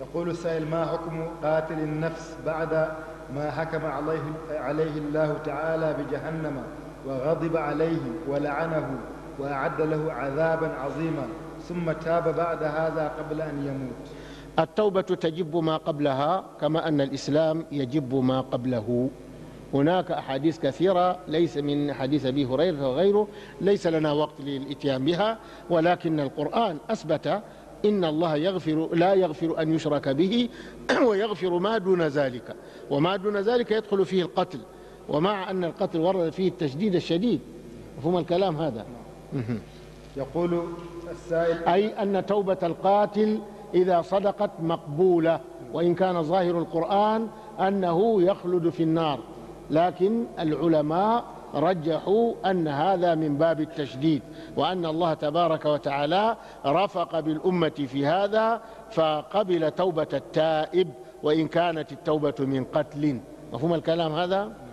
يقول السائل ما حكم قاتل النفس بعد ما حكم عليه عليه الله تعالى بجهنم وغضب عليه ولعنه وأعد له عذابا عظيما ثم تاب بعد هذا قبل أن يموت التوبة تجب ما قبلها كما أن الإسلام يجب ما قبله هناك أحاديث كثيرة ليس من حديث أبي هريرة وغيره ليس لنا وقت للإتيان بها ولكن القرآن أثبت إن الله يغفر لا يغفر أن يشرك به ويغفر ما دون ذلك وما دون ذلك يدخل فيه القتل ومع أن القتل ورد فيه التشديد الشديد مفهوم الكلام هذا يقول السائل أي أن توبة القاتل إذا صدقت مقبولة وإن كان ظاهر القرآن أنه يخلد في النار لكن العلماء رجحوا أن هذا من باب التشديد وأن الله تبارك وتعالى رفق بالأمة في هذا فقبل توبة التائب وإن كانت التوبة من قتل مفهوم الكلام هذا؟